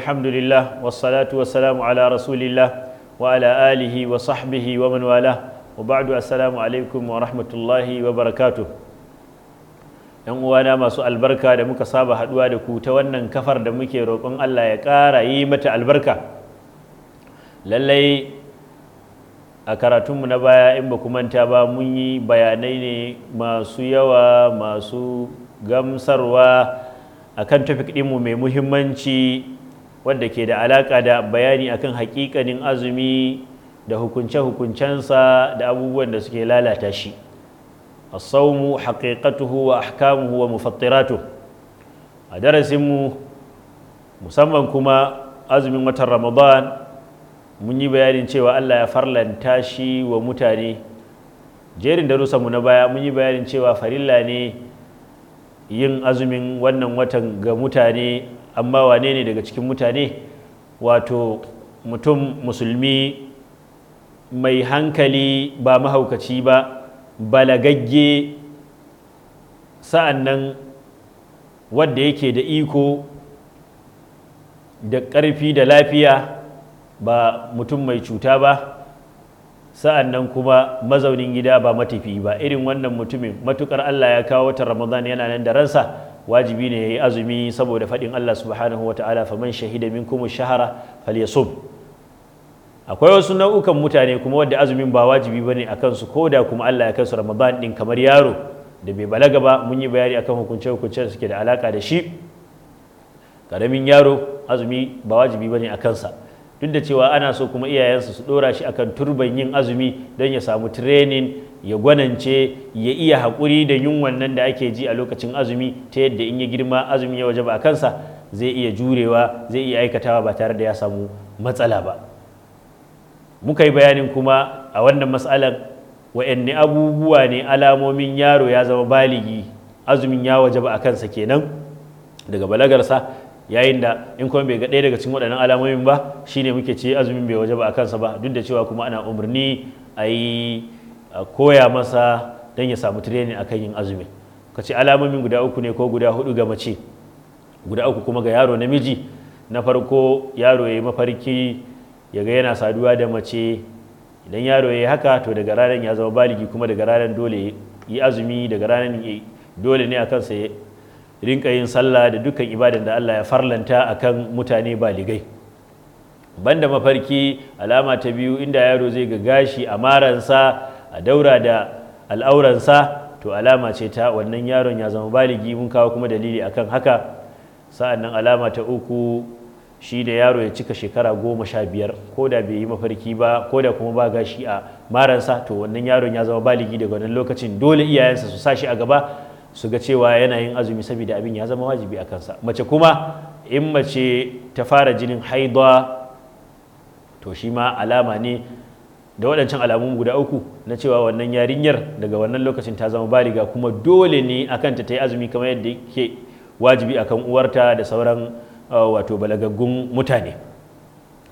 alhamdulillah wassalatu wassalamu ala rasulillah wa ala alihi wa sahbihi wa man wala wa ba'du assalamu alaikum wa rahmatullahi wa barakatuh yan uwana masu albarka da muka saba haɗuwa da ku ta wannan kafar da muke roƙon Allah ya ƙara yi mata albarka lallai a karatunmu na baya in ba manta ba mun yi bayanai ne masu yawa masu gamsarwa akan tafi ɗinmu mai muhimmanci wanda ke da alaƙa da bayani akan haƙiƙanin azumi da hukunce-hukuncensa da abubuwan da suke lalata shi asaumu haƙiƙatuhu wa ahkamuhu wa mufattiratu a darasin mu, musamman kuma azumin watan ramadan mun yi bayanin cewa allah ya farlanta shi wa mutane jerin mu na baya mun yi bayanin cewa farilla ne yin azumin wannan watan ga mutane amma wane ne daga cikin mutane wato mutum musulmi mai hankali ba mahaukaci ba balagagge sa'an nan wadda yake da iko da ƙarfi da lafiya ba mutum mai cuta ba sa'an nan kuma mazaunin gida ba matafi ba irin wannan mutumin matukar Allah ya kawo wata ramadan yana nan da ransa wajibi ne yayi azumi saboda faɗin Allah subhanahu wa ta'ala man shahida minkum shahara falyasum akwai wasu nau'ukan mutane kuma wanda azumin ba wajibi bane akan su koda kuma Allah ya kai su Ramadan din kamar yaro da bai balaga ba mun yi bayani akan hukunce hukunce suke da alaka da shi karamin yaro azumi ba wajibi bane akan sa duk da cewa ana so kuma iyayensa su dora shi akan turban yin azumi don ya samu training ya gwanance ya iya haƙuri da yunwan nan da ake ji a lokacin azumi ta yadda in ya girma azumi ya waje ba a kansa zai iya jurewa zai iya aikatawa ba tare da ya samu matsala ba muka yi bayanin kuma a wannan matsalar wa'anne abubuwa ne alamomin yaro ya zama baligi azumin ya waje ba a kansa kenan daga balagarsa yayin da in kuma bai ga ɗaya daga cikin waɗannan alamomin ba shine muke ce azumin bai waje ba a kansa ba duk da cewa kuma ana umarni a yi A koya masa don ya samu training akan yin azumi ka ce alamomin guda uku ne ko guda hudu ga mace guda uku kuma ga yaro namiji na farko yaro ya yi mafarki ya ga yana saduwa da mace idan yaro ya yi haka to daga ranar ya zama baligi kuma daga ranar dole yi azumi daga ranar dole ne a kansa ya rinka yin sallah da dukkan ibadan da Allah ya farlanta akan mutane baligai banda mafarki alama ta biyu inda yaro zai ga gashi a maransa a daura da al'auransa to alama ce ta wannan yaron ya zama baligi mun kawo kuma dalili akan haka sa'an nan alama ta uku shi da yaro ya cika shekara goma sha biyar ko da bai yi mafarki ba ko da kuma ba gashi a maransa to wannan yaron ya zama baligi daga wannan lokacin dole iyayensa su sa shi a gaba su ga cewa yana yin azumi saboda abin ya zama wajibi a kansa mace kuma in mace ta fara jinin haidwa to shi ma alama ne da waɗancan alamu guda uku na cewa wannan yarinyar daga wannan lokacin ta zama baliga kuma dole ne akan ta ta yi azumi kamar yadda yake wajibi akan uwarta da sauran uh, wato balagaggun mutane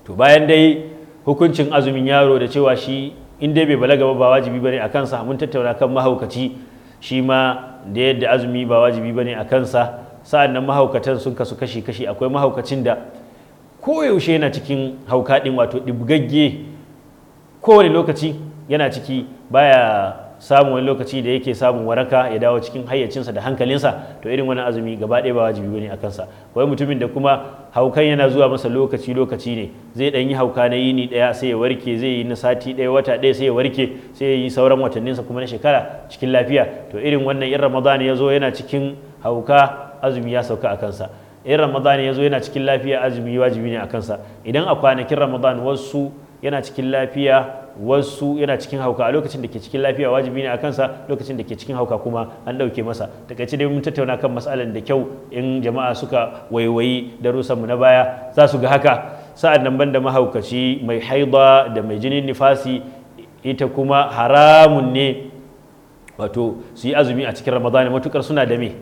to bayan dai hukuncin azumin yaro da cewa shi in dai bai balaga ba wajibi bane a kansa mun tattauna kan mahaukaci shi ma da yadda azumi ba wajibi bane akan sa sa'an nan mahaukatan sun kasu kashi kashi akwai mahaukacin da koyaushe yana cikin hauka ɗin wato ɗibgagge kowane lokaci yana ciki baya samun wani lokaci da yake samun waraka ya dawo cikin hayyacinsa da hankalinsa to irin wani azumi gaba ɗaya ba wajibi ne a kansa wai mutumin da kuma haukan yana zuwa masa lokaci lokaci ne zai ɗan yi hauka na yini ɗaya sai ya warke zai yi na sati ɗaya wata ɗaya sai ya warke sai ya yi sauran watanninsa kuma na shekara cikin lafiya to irin wannan 'yan ramadan ya zo yana cikin hauka azumi ya sauka a kansa in ramadan ya zo yana cikin lafiya azumi wajibi ne a kansa idan a kwanakin ramadan wasu yana cikin lafiya wasu yana cikin hauka a lokacin da ke cikin lafiya wajibi ne a kansa lokacin da ke cikin hauka kuma an ɗauke masa takaice dai mun tattauna kan matsalar da kyau in jama'a suka waiwayi darussanmu na baya za su ga haka sa'an nan banda mahaukaci mai haida da mai jinin nifasi ita kuma haramun ne wato su yi azumi a cikin ramadana matukar suna da me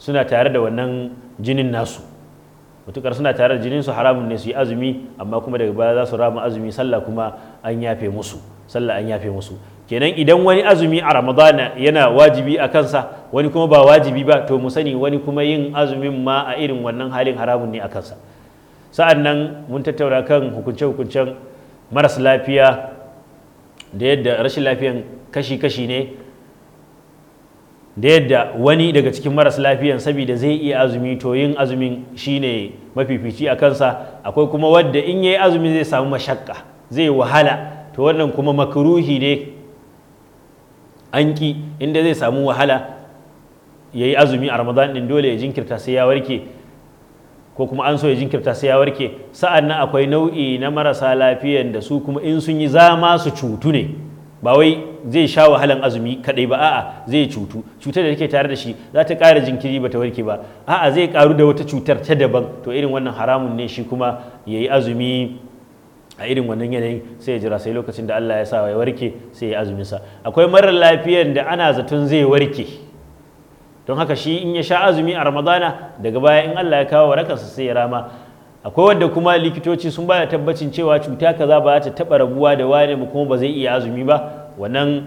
suna tare da wannan jinin nasu mutukar suna tare da jininsu haramun ne su yi azumi amma kuma daga baya za su rama azumi sallah kuma an yafe musu sallah an yafe musu kenan idan wani azumi a ramadana yana wajibi a kansa wani kuma ba wajibi ba to mu sani wani kuma yin azumin ma a irin wannan halin haramun ne a kansa sa'an nan mun tattauna kan hukunce-hukuncen maras lafiya da yadda rashin lafiyan kashi-kashi ne da yadda wani daga cikin maras lafiyan saboda zai iya azumi to yin azumin shine mafifici a kansa akwai kuma wadda in yayi azumi zai samu mashakka zai wahala to wannan kuma makruhi ne anki inda zai samu wahala yayi azumi a ramadan din dole ya jinkirta sai ya warke ko kuma an so ya jinkirta sai ya warke sa'an akwai nau'i na marasa lafiyan da su kuma in sun yi zama su cutu ne ba wai zai sha wahalan azumi kadai ba a'a zai cutu cutar da take tare da shi za ta ƙara jinkiri ba ta warke ba a'a zai karu da wata cutar ta daban to irin wannan haramun ne shi kuma ya yi azumi a irin wannan yanayin sai ya jira sai lokacin da Allah ya sa ya warke sai ya azumin sa akwai marar lafiyar da ana zaton zai warke don haka shi in ya sha azumi a ramadana daga baya in Allah ya kawo warakarsa sai ya rama akwai wanda kuma likitoci sun bada tabbacin cewa cuta kaza ba ta taba rabuwa da wani mu kuma ba zai iya azumi ba wannan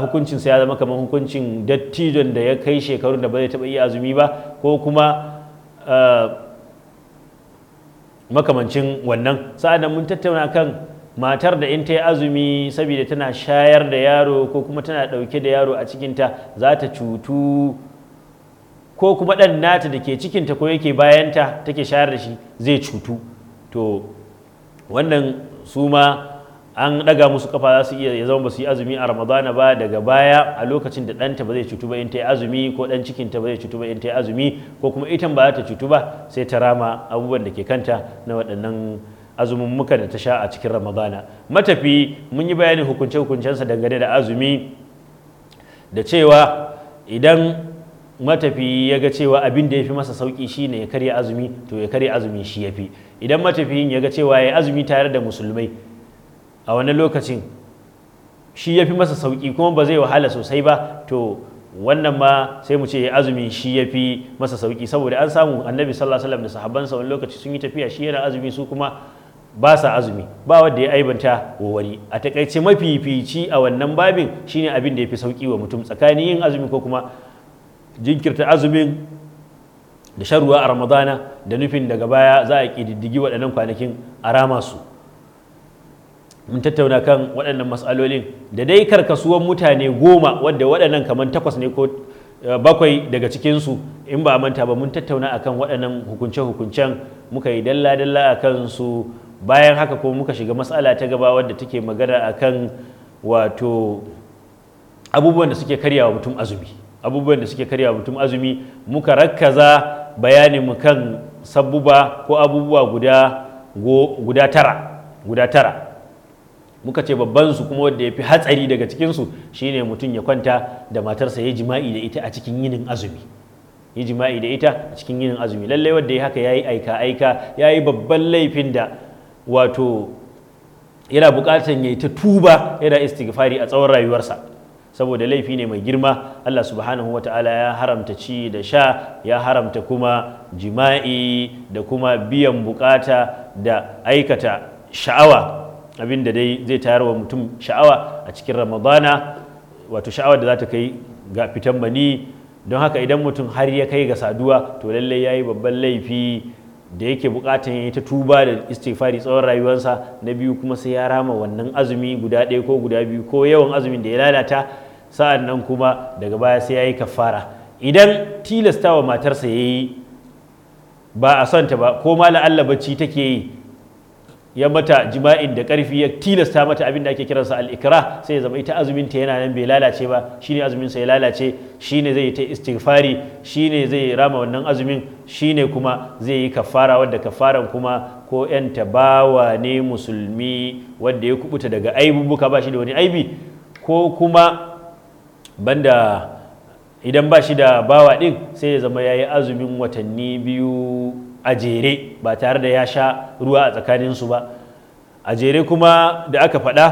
hukuncin sa ya zama kamar hukuncin dattijon da ya kai shekarun da ba zai taba iya azumi ba ko kuma makamancin wannan sa'an mun tattauna kan matar da in ta yi azumi saboda tana shayar da yaro ko kuma tana dauke da yaro a cikinta za ta cutu ko kuma ɗan nata da ke cikinta ko yake bayanta take shayar da shi zai cutu to wannan su ma an ɗaga musu kafa za su iya ya zama ba su yi azumi a ramadana ba daga baya a lokacin da ɗanta ba zai cutu ba in ta yi azumi ko ɗan cikinta ba zai cutu ba in ta yi azumi ko kuma itan ba za ta cutu ba sai ta rama abubuwan da ke kanta na waɗannan azumin muka da ta sha a cikin ramadana matafi mun yi bayanin hukunce hukuncensa dangane da azumi da cewa idan matafiyi ya ga cewa abin da ya fi masa sauki shine ya karya azumi to ya karya azumi shi ya fi idan matafiyin ya ga cewa ya azumi tare da musulmai a wani lokacin shi ya fi masa sauki kuma ba zai wahala sosai ba to wannan ma sai mu ce ya azumi shi ya fi masa sauki saboda an samu annabi sallallahu alaihi da sahabbansa wani lokaci sun yi tafiya shi yana azumi su kuma ba sa azumi ba wanda ya aibanta wa wani a takaice mafifici a wannan babin shine abin da ya fi sauki wa mutum tsakanin yin azumi ko kuma jinkirta azumin da shan ruwa a ramadana da nufin daga baya za a ƙididdigi waɗannan kwanakin a rama su mun tattauna kan waɗannan matsalolin da dai karkasuwan mutane goma wadda waɗannan kamar takwas ne ko eh, bakwai daga cikinsu in ba manta ba mun tattauna akan waɗannan hukunce-hukuncen muka yi dalla-dalla a kansu bayan haka kuma muka shiga matsala ta gaba wadda take magana akan wato abubuwan da suke karyawa mutum azumi abubuwan da suke karya mutum azumi muka rakkaza bayanin mu kan sabbuba ko abubuwa guda guda tara guda tara muka ce babban su kuma wanda ya fi hatsari daga cikinsu shine mutum ya kwanta da matarsa ya jima'i da ita a cikin yinin azumi ya jima'i da ita a cikin yinin azumi lallai wanda ya haka ya yi aika aika ya babban laifin da wato yana buƙatar ya yi ta tuba yana istighfari a tsawon rayuwarsa saboda laifi ne mai girma Allah subhanahu wa ta'ala ya haramta ci da sha ya haramta kuma jima'i da kuma biyan bukata da aikata sha'awa abinda dai zai tayar wa mutum sha'awa a cikin ramadana wato sha'awa da za ta kai ga fitan bani don haka idan mutum har ya kai ga saduwa to lallai ya yi babban laifi da yake bukatan ya ta tuba da istighfari tsawon rayuwarsa na biyu kuma sai ya rama wannan azumi guda ɗaya ko guda biyu ko yawan azumin da ya lalata sa'an nan kuma daga baya sai ya yi kafara idan tilasta wa matarsa ya yi ba a son ta ba ko ma bacci take yi ya mata jima'in da ƙarfi ya tilasta mata abin da ake kiransa al'ikira sai ya zama ita azumin ta yana nan bai lalace ba shine azumin sa ya lalace shine zai ta istighfari shine zai rama wannan azumin shine kuma zai yi kafara wadda kafaran kuma ko yan tabawa ne musulmi wadda ya kubuta daga aibubuka ba shi da wani aibi ko kuma banda idan ba shi da bawa ɗin sai ya zama ya yi azumin watanni biyu a jere ba tare da ya sha ruwa a tsakaninsu ba a jere kuma da aka faɗa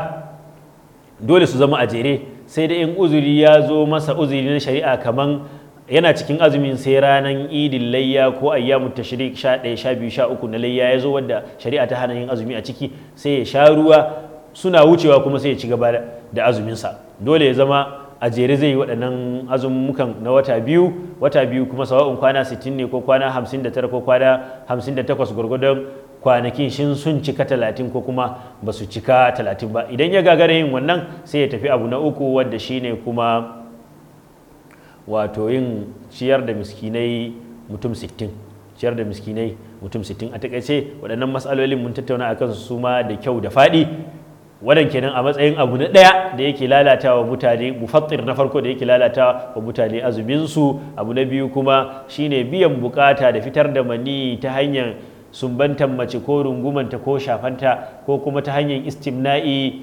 dole su zama a jere sai da in uzuri ya zo masa uzuri na shari'a kaman yana cikin azumin sai ranar idin layya ko ayyamu tashrik sha ɗaya sha biyu sha uku na layya ya zo wadda shari'a ta hana yin azumi a ciki sai ya sha ruwa suna wucewa kuma sai ya ci gaba da azuminsa dole ya zama a jere zai yi waɗannan azumukan na wata biyu wata biyu kuma sawa'un kwana 60 ne ko kwana 59 ko kwana 58 gwargwadon kwanakin shin sun cika talatin ko kuma ba su cika talatin ba idan ya gagara yin wannan sai ya tafi abu na uku wadda shine kuma wato yin ciyar da miskinai mutum sittin ciyar da miskinai mutum 60 a takaice waɗannan matsalolin mun tattauna akan su ma da kyau da faɗi wannan kenan a matsayin abu na ɗaya da yake lalata wa mutane mufattir na farko da yake lalata wa mutane azuminsu abu na biyu kuma shine biyan bukata da fitar da mani ta hanyar sumbantan mace ko rungumanta ko shafanta ko kuma ta hanyar istimna'i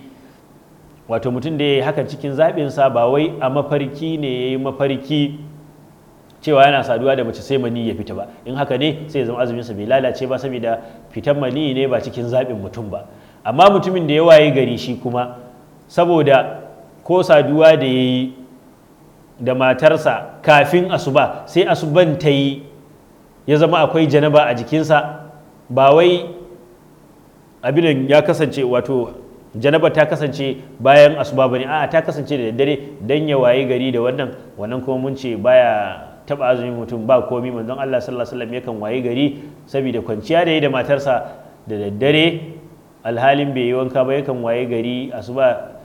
wato mutum da ya yi haka cikin sa ba wai a mafarki ne ya yi mafarki cewa yana saduwa da mace sai mani ya fita ba in haka ne sai ya zama sa bai lalace ba saboda fitan mani ne ba cikin zaɓin mutum ba amma mutumin da ya waye gari shi kuma saboda ko saduwa da ya yi da matarsa kafin asuba sai asuban ta yi ya zama akwai janaba a jikinsa ba wai abinan ya kasance wato janaba ta kasance bayan asuba ba ne a'a ta kasance da daddare dan ya waye gari da wannan wannan kuma mun ce baya taba azumin mutum ba komi manzon Allah sallallahu alaihi wasallam yakan waye gari saboda kwanciya da yi da matarsa da daddare alhalin bai yi wanka ba yakan waye gari asuba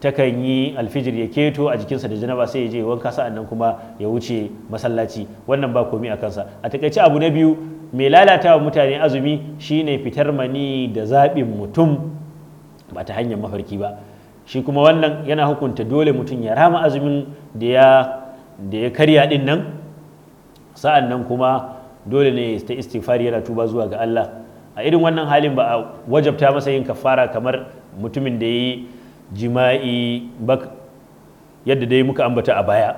takan yi alfijir ya keto a jikinsa da janaba sai ya je wanka sa'an nan kuma ya wuce masallaci wannan ba komi a kansa a takaice abu na biyu mai lalata wa mutane azumi shine fitar mani da zaɓin mutum ba ta hanyar mafarki ba shi kuma wannan yana hukunta dole mutum ya rama azumin da ya karya din nan sa'an nan kuma dole ne ta istifari yana tuba zuwa ga Allah a irin wannan halin ba a wajabta masa yin kafara kamar mutumin da ya yi jima'i ba yadda dai muka ambata a baya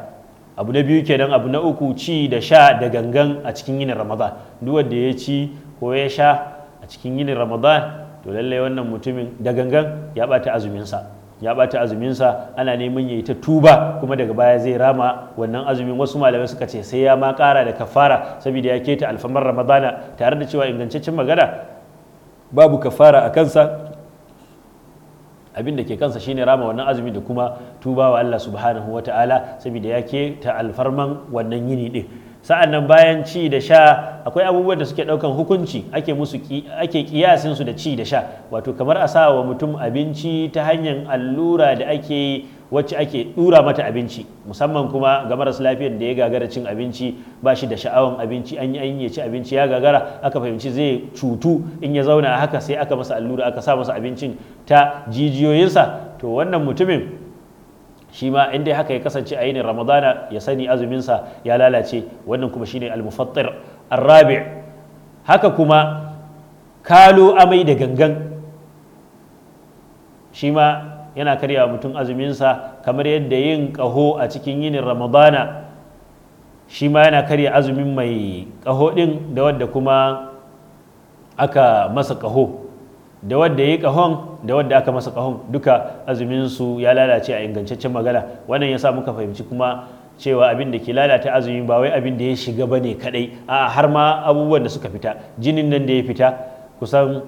abu na biyu kenan abu na uku ci da sha da gangan a cikin yinin ramadan duk wanda ya ci ko ya sha a cikin yinin ramadan to lallai wannan mutumin da gangan ya bata azuminsa ya bata azuminsa ana neman ya yi ta tuba kuma daga baya zai rama wannan azumin wasu malamai suka ce sai ya ma kara da kafara saboda ya keta alfamar ramadana tare da cewa ingancaccen magana babu kafara a kansa abin da ke kansa shine rama wannan azumi da kuma tuba wa Allah subhanahu wa ta'ala saboda ya keta alfarman wannan yini din sa'an nan bayan ci da sha akwai abubuwan da suke ɗaukan hukunci ake musu ake kiyasin su da ci da sha wato kamar a sawa wa mutum abinci ta hanyar allura da ake wacce ake ɗura mata abinci musamman kuma ga maras lafiyar da ya gagara cin abinci ba shi da sha'awan abinci an yi an ya ci abinci ya gagara aka fahimci zai cutu in ya zauna haka sai aka masa allura aka sa masa abincin ta jijiyoyinsa to wannan mutumin shi ma in dai haka ya kasance a yinin ramadana ya sani azuminsa ya lalace wannan kuma shine al-mufattir haka kuma kalo amai da gangan shi ma yana karya mutum azuminsa kamar yadda yin kaho a cikin yinin ramadana shi ma yana karya azumin mai kaho ɗin da wadda kuma aka masa kaho. da wadda ya yi kahon da wadda aka masa kahon duka azumin su ya lalace a ingantaccen magana wannan yasa muka fahimci kuma cewa abin da ke lalata azumi ba wai abin da ya shiga ba ne kadai a har ma abubuwan da suka fita jinin nan da ya fita kusan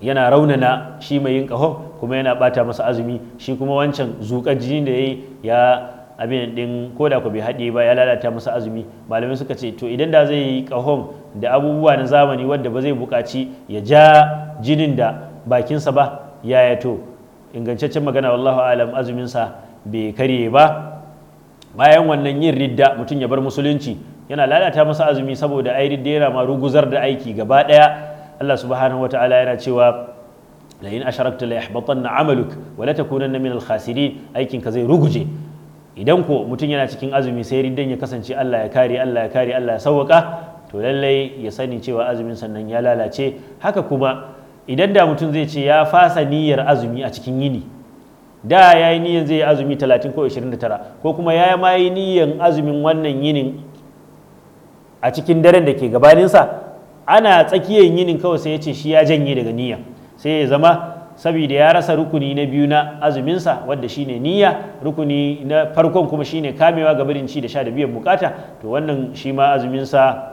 yana raunana shi mai yin kahon kuma yana bata masa azumi shi kuma wancan zuƙar jini da ya abin din ko da ku bai haɗe ba ya lalata masa azumi malamai suka ce to idan da zai yi kahon da abubuwa na zamani wadda ba zai buƙaci ya ja jinin da bakinsa ba ya ya to ingantaccen magana wallahu alam azuminsa bai karye ba bayan wannan yin ridda mutum ya bar musulunci yana lalata masa azumi saboda ai ridda yana ma ruguzar da aiki gaba daya Allah subhanahu wataala yana cewa la in asharakta la yahbatanna amaluk wa la takunanna min al-khasirin aikin ka zai ruguje idan ko mutum yana cikin azumi sai rindan ya kasance Allah ya kare Allah ya kare Allah ya sauwaka to lallai ya sani cewa azumin sannan ya lalace haka kuma idan da mutum zai ce ya fasa niyyar azumi a cikin yini da ya yi niyyar zai yi azumi 30 ko 29 ko kuma ya ma yi niyyar azumin wannan yinin a cikin daren da ke gabaninsa ana tsakiyar yinin kawai sai ya ce shi ya janye daga niyyar sai ya zama saboda ya rasa rukuni na biyu na azuminsa wadda shine niyya rukuni na farkon kuma shine kamewa ga barin ci da sha da biyan bukata to wannan shi ma azuminsa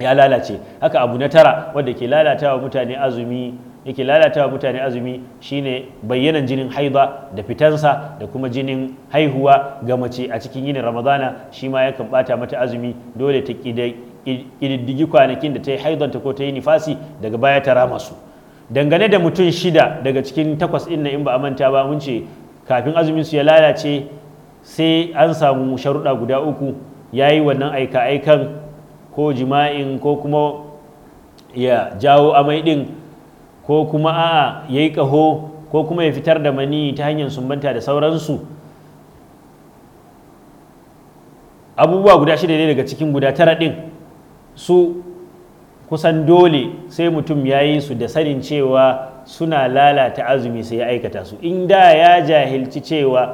ya lalace haka abu na tara wadda ke lalatawa mutane azumi yake lalatawa mutane azumi shine bayyanan jinin haida da fitansa da kuma jinin haihuwa ga mace a cikin yinin ramadana shi ma yakan bata mata azumi dole ta ƙididdigi kwanakin da ta yi haidanta ko ta yi nifasi daga baya ta rama su dangane da mutum shida daga cikin takwas in na in ba a manta ba mun ce kafin azumin su ya lalace sai an samu sharuɗa guda uku ya yi wannan aika-aikan ko jima'in ko kuma ya jawo amai ɗin ko kuma a ya yi ƙaho ko kuma ya fitar da mani ta hanyar sumbanta da sauransu abubuwa guda shida ne daga cikin guda tara ɗin su kusan dole sai mutum ya yi su da sanin cewa suna lalata azumi sai ya aikata su in da ya jahilci cewa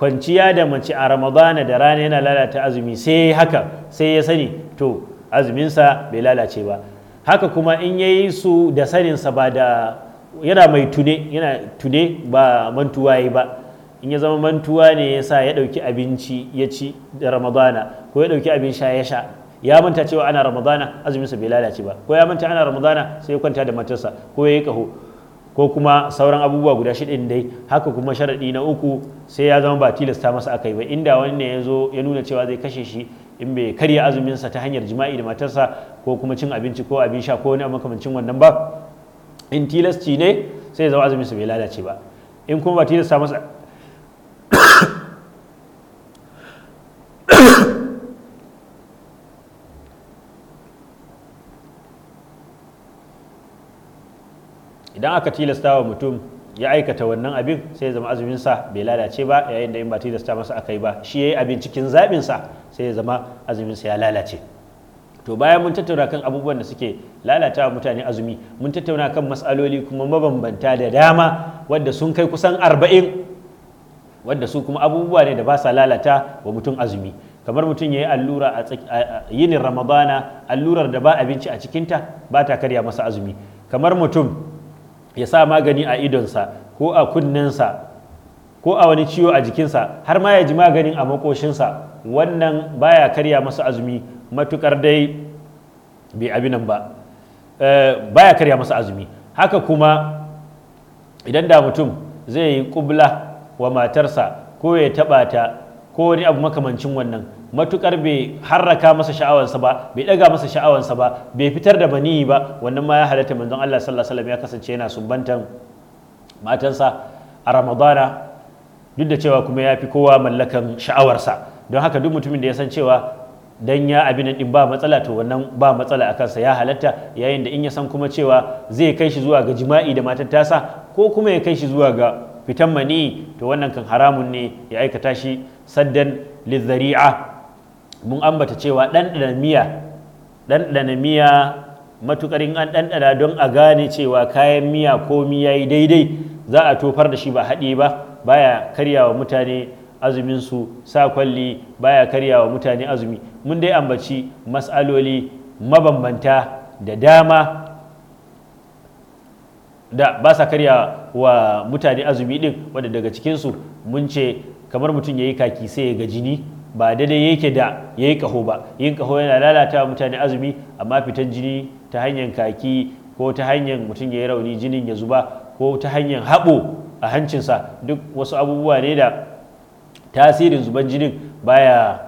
kwanciya da mace a ramadana da rana yana lalata azumi sai ya haka sai ya sani to azuminsa bai lalace ba haka kuma in ya yi su da saninsa ba da yana mai tune yana tune ba mantuwa yi ba in ya zama mantuwa ne ya sa ya ɗauki abinci ya ci da ramadana ko ya ɗauki abin sha ya sha ya manta cewa ana ramadana azumin bai lalace ba ko ya manta ana ramadana sai ya kwanta da matarsa ko ya yi kaho ko kuma sauran abubuwa guda shida dai haka kuma sharaɗi na uku sai ya zama ba tilasta masa akai ba inda wani ne ya zo ya nuna cewa zai kashe shi in bai karya azuminsa ta hanyar jima'i da matarsa ko kuma cin abinci ko abin sha ko wani makamancin wannan ba in tilasti ne sai ya zama azuminsa bai lalace ba in kuma ba tilasta masa idan aka tilasta wa mutum ya aikata wannan abin sai zama azumin sa bai lalace ba yayin da in ba tilasta masa aka yi ba shi yayi abin cikin zabin sa sai ya zama azuminsa ya lalace to bayan mun tattauna kan abubuwan da suke lalata mutane azumi mun tattauna kan matsaloli kuma mabambanta da dama wadda sun kai kusan arba'in wadda su kuma abubuwa ne da ba sa lalata wa mutum azumi kamar mutum ya yi allura a yinin ramadana allurar da ba abinci a cikinta ba ta karya masa azumi kamar mutum ya sa magani a idonsa ko a kunnensa ko a wani ciwo a jikinsa har ma ya ji maganin a makoshinsa wannan baya karya masa azumi matukar dai bai abinan ba eh, baya karya masa azumi haka kuma idan da mutum zai yi kubla wa matarsa ko ya taɓa ta ko wani abu makamancin wannan matukar bai harraka masa sha'awansa ba bai daga masa sha'awansa ba bai fitar da maniyi ba wannan ma ya halatta manzon Allah sallallahu alaihi wasallam ya kasance yana sumbantan matansa a Ramadana duk da cewa kuma ya fi kowa mallakan sha'awarsa don haka duk mutumin da ya san cewa dan ya abin din ba matsala to wannan ba matsala a kansa ya halatta yayin da in ya san kuma cewa zai kai shi zuwa ga jima'i da matar tasa ko kuma ya kai shi zuwa ga fitan mani to wannan kan haramun ne ya aikata shi saddan lizari'a mun ambata cewa ɗanɗana miya ɗanɗana miya an ɗanɗana don a gane cewa kayan miya ko miya yi daidai za a tofar da shi ba haɗe ba baya wa mutane azuminsu sa kwalli baya wa mutane azumi mun dai ambaci matsaloli mabambanta da dama da ba sa karya wa mutane azumi din wanda daga cikinsu mun ce kamar mutum ya yi kaki sai ya ga jini ba daidai yake da ya yi kaho ba yin kaho yana lalata mutane azumi amma fitan jini ta hanyar kaki ko ta hanyar mutum ya yi rauni jinin ya zuba ko ta hanyar haɓo a hancinsa duk wasu abubuwa ne da tasirin zuban jinin baya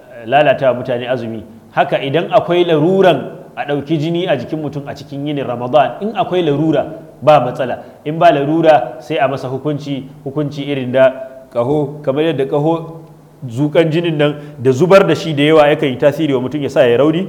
eh, lalata mutane azumi haka idan akwai laruran a ɗauki jini a jikin mutum a cikin yinin ramadan in akwai larura ba matsala in ba larura sai a masa hukunci hukunci irin da kaho kamar yadda kaho zukan jinin nan da zubar da shi da yawa yakan yi tasiri wa mutum ya sa ya rauni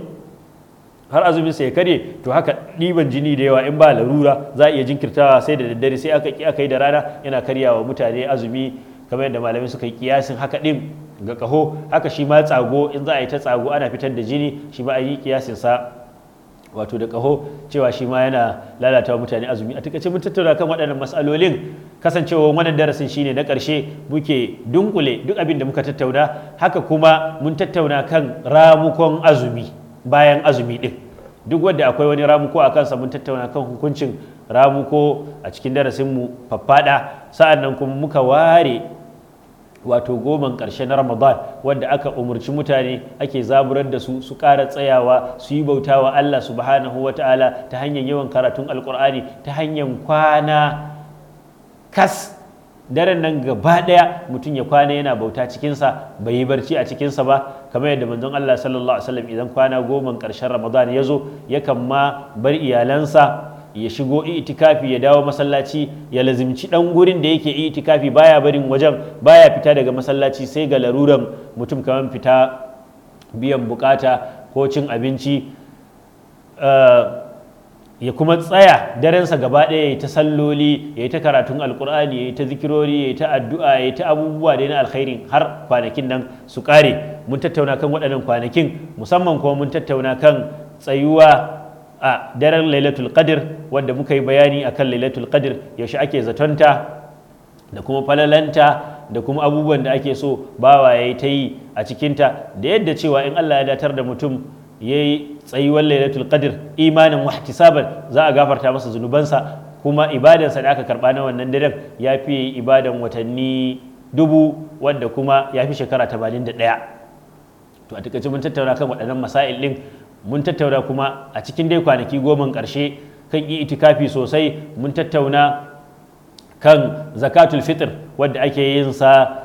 har azumin sa ya kare to haka ɗiban jini da yawa in ba larura za a iya jinkirtawa sai da daddare sai aka ki aka yi da rana yana karyawa mutane azumi kamar yadda malamai suka yi kiyasin haka din ga kaho haka shi ma tsago in za a yi ta tsago ana fitar da jini shi ma a yi kiyasin sa wato da kaho cewa shi ma yana lalata mutane azumi a takaice mun tattauna kan waɗannan mas'alolin kasancewa wannan darasin shine na ƙarshe muke dunkule duk abin da muka tattauna haka kuma mun tattauna kan ramukon azumi bayan azumi din. duk wanda akwai wani ramuko a kansa mun tattauna kan hukuncin ramuko a cikin darasinmu faffaɗa sa'an nan kuma muka ware wato goman ƙarshe na ramadan wanda aka umarci mutane ake zaburar da su su ƙara tsayawa su yi bauta wa allah subhanahu wa ta'ala ta hanyar yawan karatun alkur'ani ta hanyar kwana kas daren nan gaba ɗaya mutum ya kwana yana bauta cikinsa bai yi barci a cikinsa ba kamar yadda manzon allah sallallahu alaihi wasallam idan kwana goman ƙarshen ramadan ya zo yakan ma bar iyalansa ya shigo itikafi ya dawo masallaci ya lazimci dan gurin da yake itikafi baya barin wajen baya fita daga masallaci sai ga laruran mutum kamar fita biyan bukata ko cin abinci eh, ya kuma tsaya darensa gaba ɗaya ya ta salloli ya ta karatun alkur'ani ya ta zikirori ya ta addu'a ya ta abubuwa da na alkhairin har kwanakin nan su kare mun tattauna kan waɗannan kwanakin musamman kuma mun tattauna kan tsayuwa a daren lailatul qadr wanda muka yi bayani akan lailatul qadr yaushe ake zatonta da kuma falalanta da kuma abubuwan da ake so bawa ya yi ta yi a cikinta da yadda cewa in Allah ya datar da mutum ya yi tsayuwar lailatul qadr imanin wahtisaban za a gafarta masa zunubansa kuma ibadansa da aka karba na wannan daren ya fi ibadan watanni dubu wanda kuma ya fi shekara 81 to a takaice mun tattauna kan waɗannan masail ɗin mun tattauna kuma a cikin dai kwanaki goma ƙarshe kan yi itikafi sosai mun tattauna kan zakatul fitr wadda ake yin sa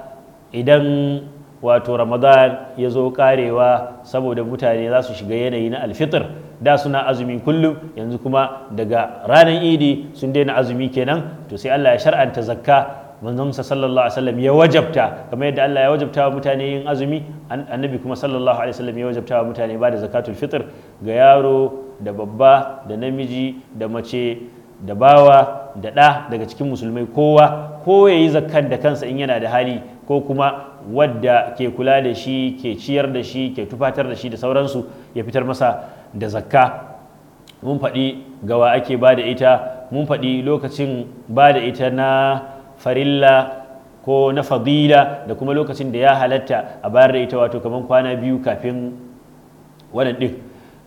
idan wato ramadan ya zo karewa saboda mutane za su shiga yanayi na alfitr da suna azumi kullum yanzu kuma daga ranar idi sun daina azumi kenan to sai allah ya shar'anta zakka manzon sa sallallahu alaihi wasallam ya wajabta kamar yadda Allah ya wajabta wa mutane yin azumi annabi kuma sallallahu alaihi wasallam ya wajabta wa mutane ba da zakatul fitr ga yaro da babba da namiji da mace da bawa da ɗa daga cikin musulmai kowa ko ya yi zakkan da kansa in yana da hali ko kuma wadda ke kula da shi ke ciyar da shi ke tufatar da shi da sauransu ya fitar masa da zakka mun faɗi gawa ake ba da ita mun faɗi lokacin ba da ita na farilla ko na fadila da kuma lokacin da ya halatta a bayar da ita wato kamar kwana biyu kafin wannan din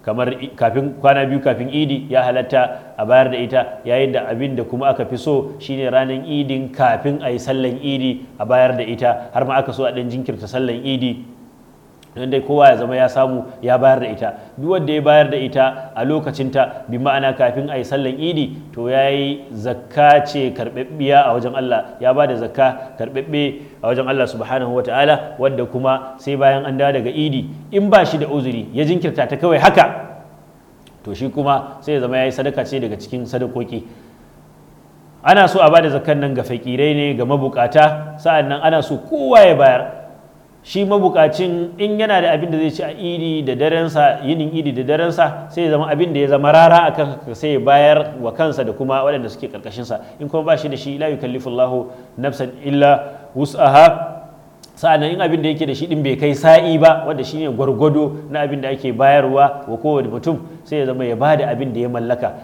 kamar kafin kwana biyu kafin idi ya halatta a bayar da ita yayin da abin da kuma aka fi so shine ranar idin kafin a yi sallan idi a bayar da ita har ma aka so a ɗan jinkirta sallan idi don dai kowa ya zama ya samu ya bayar da ita duk wanda ya bayar da ita a lokacinta bi ma'ana kafin a yi sallan idi to ya yi zakka ce karɓaɓɓiya a wajen Allah ya ba da zakka karɓaɓɓe a wajen Allah subhanahu wa ta'ala wanda kuma sai bayan an dawo daga idi in ba shi da uzuri ya jinkirta ta kawai haka to shi kuma sai ya zama ya yi sadaka ce daga cikin sadakoki ana so a ba da zakkan nan ga fakirai ne ga mabukata sa'an nan ana so kowa ya bayar shi mabukacin in yana da abin da zai ci a idi da darensa yinin idi da darensa sai ya zama abin da ya zama rara a kanka sai ya bayar wa kansa da kuma waɗanda suke karkashinsa in kuma ba shi da shi la Allahu nafsan illa wus'aha sa'annan in abin da yake da shi din bai kai sa'i ba wanda shine gwargwado na abin da ake bayarwa wa kowane mutum sai ya zama ya bada abin da ya mallaka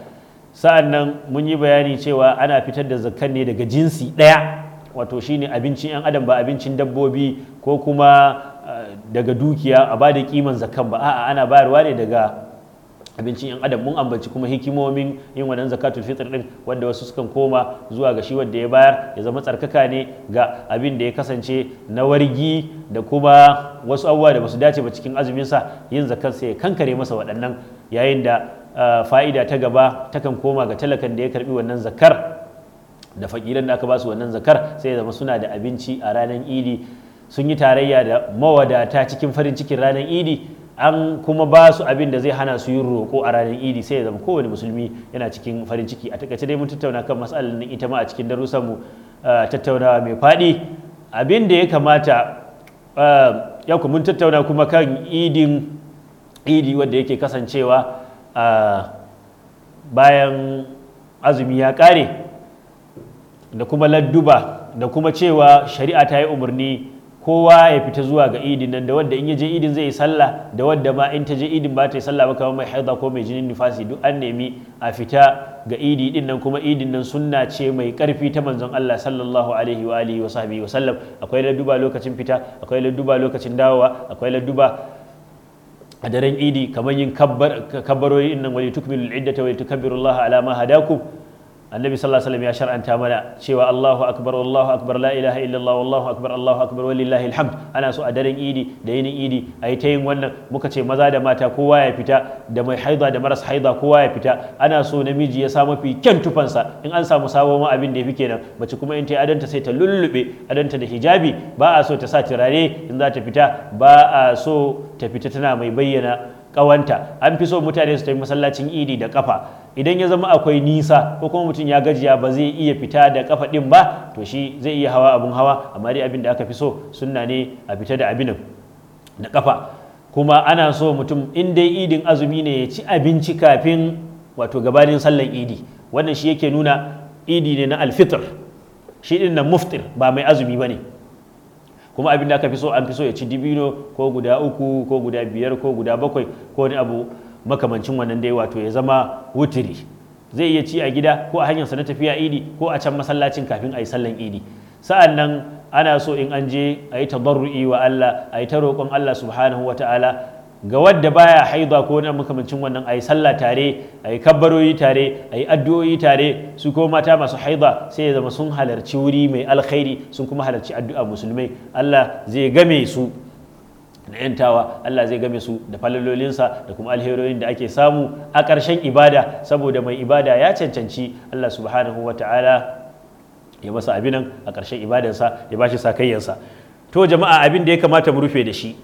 sa'annan mun yi bayani cewa ana fitar da zakkan ne daga jinsi ɗaya wato shine abincin 'yan adam ba abincin dabbobi ko kuma eh, daga dukiya a ba da kiman zakan ba a'a ana bayarwa ne daga abincin yan adam mun ambaci kuma hikimomin yin wannan zakatul fitr din wanda wasu sukan koma zuwa ga shi wanda ya bayar ya zama tsarkaka ne ga abin da ya kasance na wargi da kuma wasu abubuwa da basu dace ba cikin azumin sa yin zakat sai ya kankare masa waɗannan yayin da eh, fa'ida ta gaba takan koma ga talakan da ya karbi wannan zakar da fakiran da aka ba wannan zakar sai zama suna da abinci a ranar idi sun yi tarayya da mawadata cikin farin cikin ranar idi an kuma ba su abin da zai hana su yin roƙo a ranar idi sai ya zama kowane musulmi yana cikin farin ciki a takaice dai mun tattauna kan matsalar nan ita ma a cikin darussan mu tattaunawa mai faɗi abin da ya kamata ya mun tattauna kuma kan idin idi wanda yake kasancewa bayan azumi ya ƙare da kuma ladduba da kuma cewa shari'a ta yi umarni kowa ya fita zuwa ga idin nan da wadda in ya je idin zai yi sallah da wadda ma in ta je idin ba ta yi sallah ba kamar mai haidha ko mai jinin nifasi duk an nemi a fita ga idi din nan kuma idin nan sunna ce mai karfi ta manzon Allah sallallahu alaihi wa alihi wa sahbihi wa sallam akwai ladduba lokacin fita akwai ladduba lokacin dawowa akwai ladduba a daren idi kamar yin kabbarori nan wali tukmilul iddata wa tukabbirullaha ala ma hadakum annabi sallallahu alaihi wasallam ya shar'anta mana cewa Allahu akbar Allahu akbar la ilaha illallah Allahu akbar Allahu akbar walillahi alhamd ana so a daren idi da yinin idi a yi ta yin wannan muka ce maza da mata kowa ya fita da mai haida da maras haida kowa ya fita ana so namiji ya sa mafi kyan tufansa in an samu sabo ma abin da yafi kenan mace kuma in ta adanta sai ta lullube adanta da hijabi ba a so ta sa turare in za ta fita ba a so ta fita tana mai bayyana kawanta an fi so mutane su tafi masallacin idi da kafa idan ya zama akwai nisa ko kuma mutum ya gajiya ba zai iya fita da kafa din ba to shi zai iya hawa abin hawa amma dai abin da aka fi so sunna ne a fita da abin da kafa kuma ana so mutum in dai idin azumi ne ya ci abinci kafin wato gabanin sallan idi wannan shi yake nuna idi ne na alfitr shi din na muftir ba mai azumi ba ne kuma abin da aka fi so an fi so ya ci dibino ko guda uku ko guda biyar ko guda bakwai ko wani abu makamancin wannan dai wato ya zama wutiri zai iya ci a gida ko a hanyarsa na tafiya idi ko a can masallacin kafin a yi sallan idi sa'an nan ana so in an je a yi tabarru'i wa Allah a yi ta roƙon Allah subhanahu wa ta'ala ga wadda baya haidwa ko na makamancin wannan a yi sallah tare a yi kabbaroyi tare a yi addu'o'i tare su ko mata masu haidwa sai ya zama sun halarci wuri mai alkhairi sun kuma halarci addu'a musulmai Allah zai game su na yantawa Allah zai game su da falalolinsa da kuma alheroyin da ake samu a ƙarshen ibada saboda mai ibada ya cancanci Allah subhanahu wa ta'ala ya masa abinan a ƙarshen ibadansa ya bashi sakayyansa to jama'a abin da ya kamata mu rufe da shi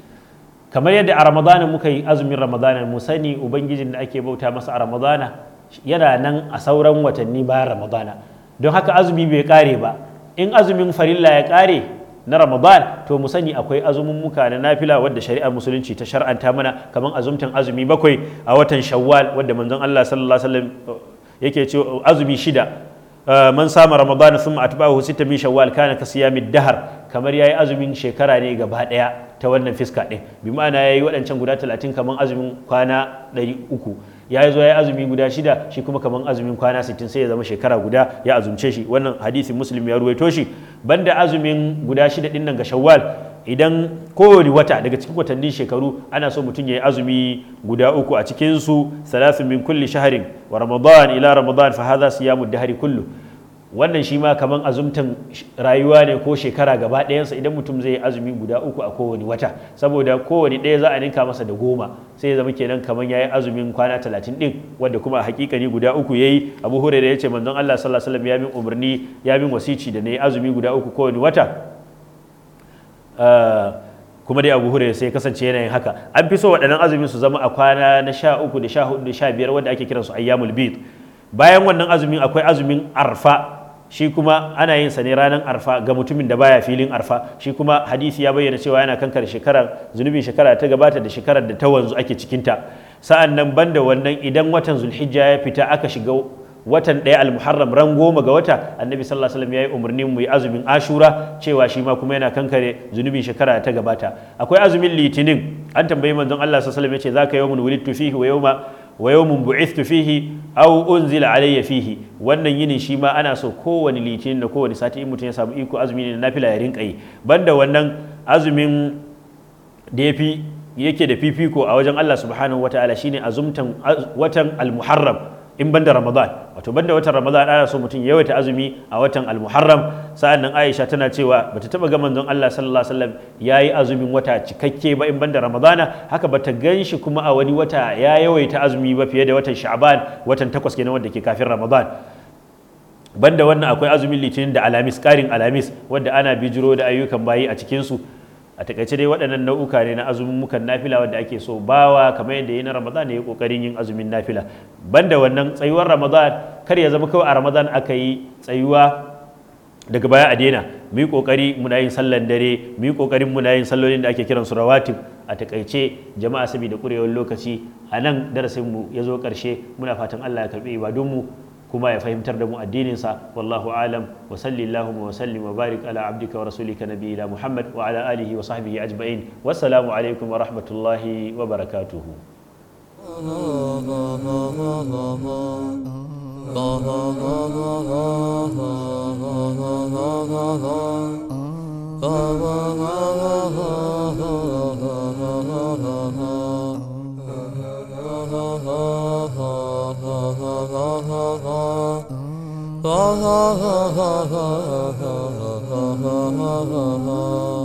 kamar yadda a ramadana muka yi azumin ramadana mu sani ubangijin da ake bauta masa a ramadana yana nan a sauran watanni bayan ramadana don haka azumi bai kare ba in azumin farilla ya kare na ramadan to mu sani akwai azumin muka na nafila wadda shari'ar musulunci ta shar'anta mana kamar azumtan azumi bakwai a watan shawwal wadda manzon Allah sallallahu alaihi wasallam uh, yake ce uh, azumi shida uh, man sama ramadan sun atba'ahu sita min shawwal kana ka siyami dahar kamar yayi azumin shekara ne gaba daya ta wannan fiska din bi ma'ana yayi waɗancan guda 30 kamar azumin kwana 300 ya yi zo ya azumi guda shida shi kuma kamar azumin kwana sittin sai ya zama shekara guda ya azumce shi wannan hadisin musulmi ya ruwaito shi banda azumin guda shida din nan ga shawwal idan kowane wata daga cikin watannin shekaru ana so mutum ya yi azumi guda uku a cikin su salafin min kulli shaharin wa ramadan ila ramadan fa hadha siyamu hari kullu wannan shi ma kamar azumtan rayuwa ne ko shekara gaba ɗayansa idan mutum zai azumi guda uku a kowane wata saboda kowane ɗaya za a ninka masa da goma sai ya zama kenan kamar ya yi azumin kwana talatin ɗin wadda kuma a hakikani guda uku ya yi abu da ya ce manzon allah sallallahu alaihi ya min umarni ya min wasici da na yi azumi guda uku kowane wata ah, kuma dai abu hure sai kasance yanayin haka an fi so waɗannan azumin su zama a kwana na sha uku da sha hudu da sha biyar wadda ake kiransu ayyamul bid bayan wannan azumin akwai azumin arfa shi kuma ana yin sa ne ranar arfa ga mutumin da baya filin arfa shi kuma hadisi ya bayyana cewa yana kankar shekarar zunubin shekara ta gabata da shekarar da ta wanzu ake cikinta sa'an nan banda wannan idan watan zulhijja ya fita aka shiga watan ɗaya almuharram ran goma ga wata annabi sallallahu alaihi wasallam ya yi umarnin mu yi azumin ashura cewa shi ma kuma yana kankare zunubin shekara ta gabata akwai azumin litinin an tambayi manzon Allah sallallahu alaihi wasallam ya ce zaka yawmun wulidtu fihi wa yawma wa yawmun bu'ithtu fihi aw unzila alayya fihi wannan yinin shi ma ana so kowane litinin da kowane sati in mutum ya samu iko azumi ne na nafila ya rinka yi banda wannan azumin da yafi yake da fifiko a wajen Allah subhanahu wataala shine azumtan watan almuharram. in ban da ramadan wato ban da watan ramadan ana so mutum ya yawaita azumi a watan almuharram sa'an nan aisha tana cewa bata taba ga manzon Allah sallallahu alaihi wasallam yayi azumin wata cikakke ba in ban da ramadana haka bata ganshi kuma a wani wata ya yawaita azumi ba fiye da watan sha'ban watan takwas kenan wanda ke kafin ramadan banda wannan akwai azumin litinin da alamis karin alamis wanda ana bijiro da ayyukan bayi a cikinsu su a takaice dai waɗannan nau'uka ne na azumin mukan nafila wanda ake so bawa kamar yadda yi na ramadan ya yi ƙoƙarin yin azumin nafila banda wannan tsayuwar ramadan kar ya zama kawai a ramadan aka yi tsayuwa daga baya a daina mu yi ƙoƙari muna yin sallan dare mu yi ƙoƙarin muna yin sallolin da ake kiran su rawatib a takaice jama'a saboda ƙurewar lokaci a nan darasin mu ya zo ƙarshe muna fatan Allah ya karɓi ibadunmu kuma ya fahimtar da mu addininsa wallahu alam wa salli allahumma wa sallim wa barik ala abdika wa rasulika nabiyina muhammad wa ala alihi wa sahbihi ajma'in wassalamu alaikum wa rahmatullahi wa barakatuhu ha ha ha ha ha